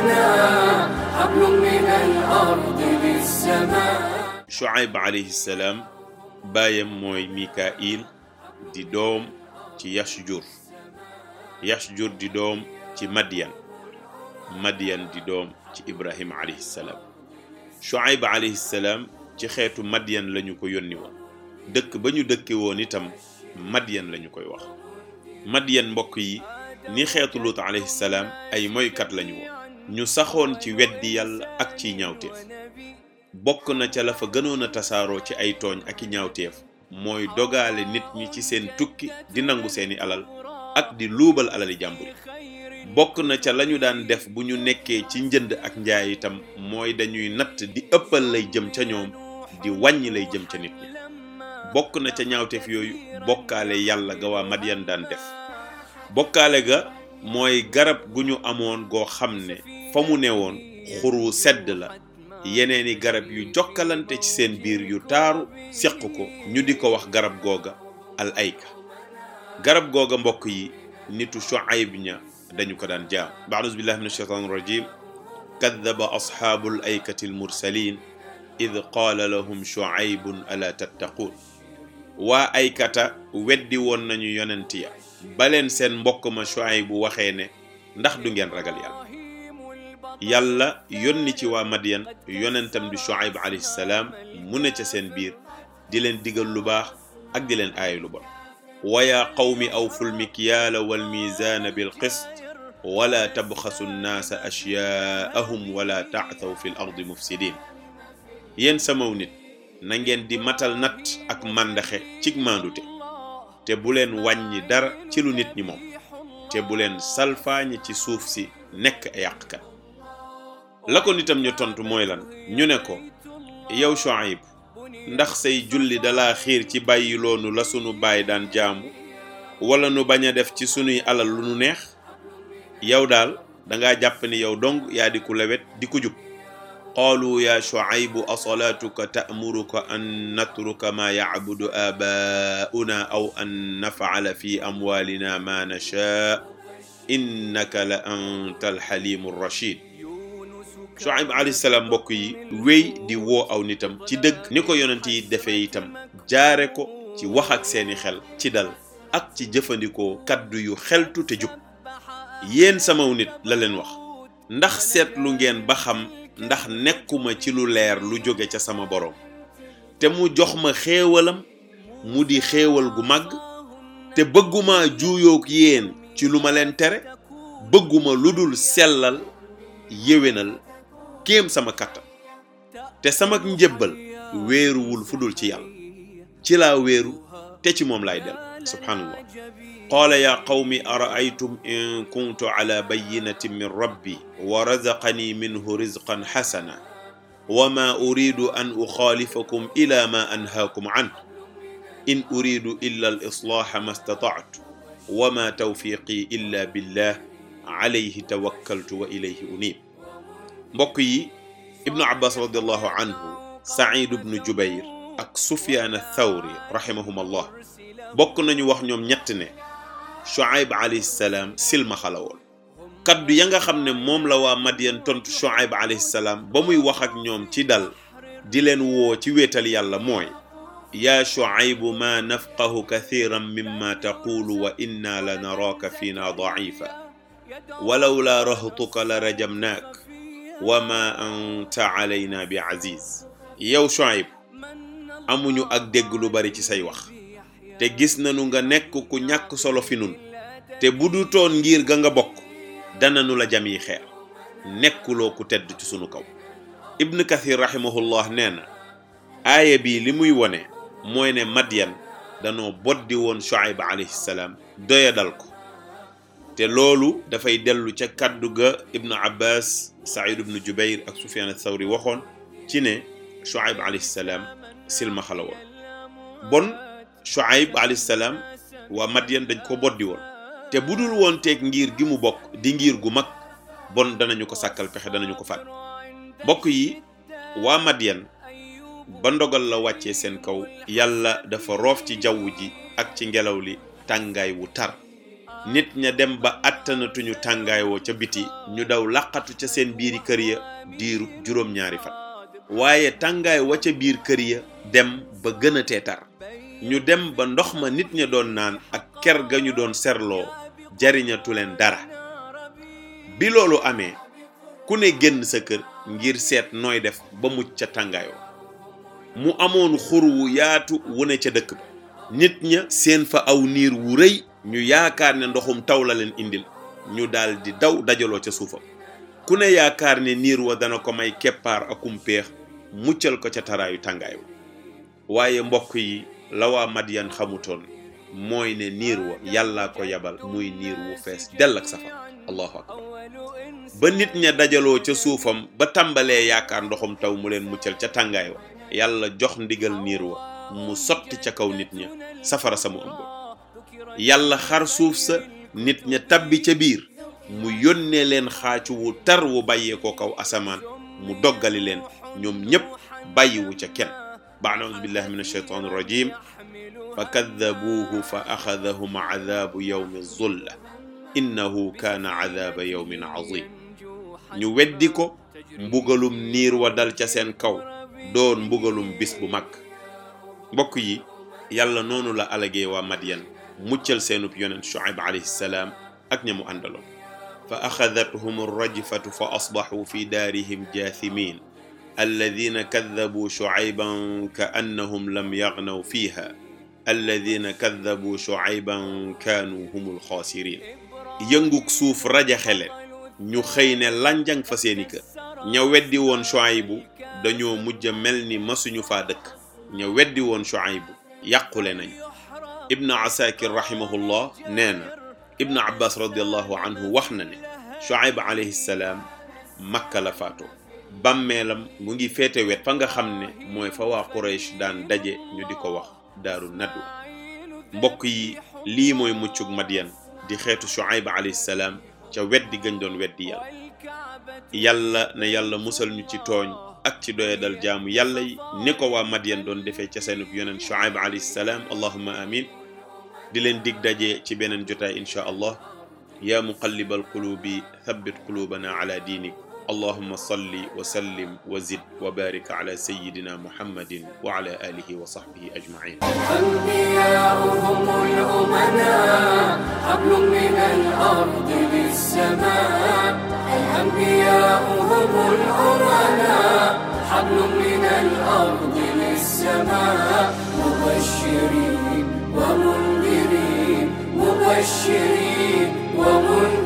لنا حبل من الأرض للسماء Shuayb alayhi baayam mooy Mikail di doom ci Yashjur Yashjur di doom ci Madian Madian di doom ci Ibrahim alayhi salaam Shuayb ci xeetu Madian lañu ko yónni woon dëkk ba ñu dëkke woon itam Madian lañu koy wax Madian mbokk yi ni xeetu Lut alayhi salaam ay moykat lañu ñu saxoon ci weddi yàlla ak ci ñaawteef bokk na ca la fa gënoon a tasaaroo ci ay tooñ ak i ñaawteef mooy dogale nit ñi ci seen tukki di nangu seeni alal ak di luubal alali jàmbur bokk na ca lañu daan def bu ñu nekkee ci njënd ak njaay itam mooy dañuy natt di ëppal lay jëm ca ñoom di wàññi lay jëm ca nit ñi bokk na ca ñaawteef yooyu bokkaale yàlla ga waa Madyan daan def bokkaale ga mooy garab gu ñu amoon goo xam ne fa mu woon xur wu sedd la yeneeni garab yu jokkalante ci seen biir yu taaru seq ko ñu di ko wax garab googa al ayka garab googa mbokk yi nitu Shuayb ña dañu ko daan jaam ba'uuzu billahi min ashaytaani rajim kadaba ashaabu al aykati al mursalin id qaala lahum Shuaybun ala tattaquun waa aykata weddi woon nañu yonent ya baleen seen mbokk ma Shuayb bu waxee ne ndax du ngeen ragal yàlla yàlla yónni ci waa Madiyan yonentam di Shuaib alayhi mu ne ca seen biir di leen diggal lu baax ak di leen aay lu bon wa yaa qawmi awful mikyaala wal miizaana bil qist wala tabxasu nnaasa ashyaahum wala taathaw fi l ardi mufsidin yéen samaw nit na ngeen di matal natt ak màndaxe cig te bu leen wàññi dara ci lu nit ñi moom te bu leen salfaañi ci suuf si nekk ay yàqkat la ko nitam ñu tontu mooy lan ñu ne ko yow Shuaib ndax sey julli dalaa xiir ci bàyyi la sunu baay daan jaamu wala nu bañ a def ci sunuy alal lu nu neex yow daal danga jàpp ni yow dong yaa di ku lewet di ku jub qaalu ya Shuaybu asalaatuka ta'muruka an natruka maa yacbudu aabaa'una aw an nafcala fi amwaalina maa nashaa innaka la anta alxalimu rrachid Shuaib alayhi salaam mbokk yi wéy di woo aw nitam ci dëgg ni ko yonent yi defee itam jaare ko ci wax ak seeni xel ci dal ak ci jëfandikoo kàddu yu xeltu te jub yéen samaw nit la leen wax ndax seetlu ngeen ba xam ndax nekkuma ci lu leer lu jóge ca sama boroom te mu jox ma xéewalam mu di xéewal gu mag te bëgguma juuyoog yéen ci lu ma leen tere bëgguma lu dul sellal yéwénal kéem sama kattan te sama njëbbal wéeruwul fu dul ci yàlla ci laa wéeru te ci moom laay del subhaanallah qaala yaa qawmi araaytum in kuntu ala bayinatin min rabbi wa razaqani minhu rizqan xasana wa ma uridu an uxaalifakum ila ma anhaakum an in uridu illa al islaaxa ma statactu wa ma tawfiqi illa billah alayhi tawakkaltu wa ilayhi unib mbokk yi ibnu abbas radiallahu anhu said ibnu jubair ak sufyaan thawri rahimahum allah bokk nañu wax ñoom ñett ne shuaib alayhi salaam kaddu ya nga xam ne moom la waa madiyan tontu shuaib ba muy wax ak ñoom ci dal di leen woo ci wéetal yàlla mooy yaa shuaibu ma nafqahu kathiran mimma taqulu wa inna la naraaka fiina daifa walawla rahtuka la rajamnaak wa ma anta alayna bi aziz yow Shuaib amuñu ak dégg lu bari ci say wax te gis nañu nga nekk ku ñàkk solo fi nun te bu du toon ngir ga nga bokk dananu la jam yi xeer nekkuloo ku tedd ci sunu kaw ibn kathir rahimahullah nee na aaya bi li muy wone mooy ne Madyan danoo boddi woon Shuaib alayhi salaam doya dal ko te loolu dafay dellu ca kàddu ga ibnu abbas said ibnu jubair ak sufyan athawri waxoon ci ne shuaib alayhi salaam bon shuaib alayhi salaam waa madian dañ ko boddi woon te bu dul woon teeg ngir gi mu bokk di ngir gu mag bon danañu ko sàkkal pexe danañu ko faat mbokk yi waa madian ba ndogal la wàccee seen kaw yàlla dafa roof ci jaww ji ak ci ngelaw li tàngaay wu tar nit ña dem ba àttanatuñu tàngaay ca biti ñu daw laqatu ca seen biiri kër ya diiru juróom-ñaari fan waaye tàngaay wa ca biir kër ya dem ba gëna teetar ñu dem ba ndox ma nit ña doon naan ak ker ga ñu doon serloo jariñatu leen dara bi loolu amee ku ne génn sa kër ngir seet nooy def ba mucc ca tàngaay mu amoon xur wu yaatu wu ne ca dëkk ba nit ña seen fa aw niir wu rëy ñu yaakaar ne ndoxum taw la leen indil ñu daal di daw dajaloo ca suufam ku ne yaakaar ne niir wa dana ko may keppaar akum péex muccal ko ca taraayu tàngaay wa waaye mbokk yi lawa waa Madiyan xamutoon mooy ne niir wa yàlla ko yabal muy niir wu fees dell ak safar ba nit ña dajaloo ca suufam ba tàmbalee yaakaar ndoxum taw mu leen muccal ca tàngaay wa yàlla jox ndigal niir wa mu sotti ca kaw nit ña safara sa mu ëmb yàlla xar suuf sa nit ña tabbi ca biir mu yónnee leen xaacu wu tar wu bàyyeekoo kaw asamaan mu doggali leen ñoom ñépp bàyyiwu ca kenn baad audu billahi min alsheytan irrajim fa kaddabuuhu fa axadahum aadabu yawmi zulla innahu kaana aadaaba weddi ko mbugalum niir wa dal ca seen kaw doon mbugalum bis bu mag mbokk yi yàlla noonu la alagee waa Madyan muccal seenu yonent Shuayb alayhi salaam ak ña mu àndaloon fa axadathum arrajfatu fa asbaxuu fi daarihim jaathimin alladina kadabuu shuayban ka annahum lam yagnaw fiiha alladina kadabuu kaanu humul xaasiriin yëngug suuf rajaxe leen ñu xëy ne lanjang fa seeni kër ña weddi woon Shuaybu dañoo mujj mel ni masuñu faa dëkk ña weddi woon Shuaybu yàqule nañu ibnu asakir rahimahullah nee na ibnu abbas radiallahu anhu wax na ne shuaib alayhi salaam makka la bàmmeelam mu ngi féete wet fa nga xam ne mooy fa waa quraysh daan daje ñu di ko wax daaru naddu mbokk yi lii mooy muccug madiyan di xeetu shuaib alayhi salaam ca weddi gañ doon weddi yàlla yàlla na yàlla musal ñu ci tooñ ak ci doyadal jaamu yàlla yi ni ko waa Madian doon defee ca seenub yonent Shuaib alayhi salaam allahumma amin di leen dig daje ci beneen jotaay inchaa allah yaa muqallibal quluubi thabbit quluubana ala diinik allahumma salli wa sallim wa zid wa barik ala sayyidina muhammadin wa ala alihi wa sahbihi ajma'in الأنبياء هم الأمناء حبل من الأرض للسماء مبشرين ومنذرين مبشرين ومنذرين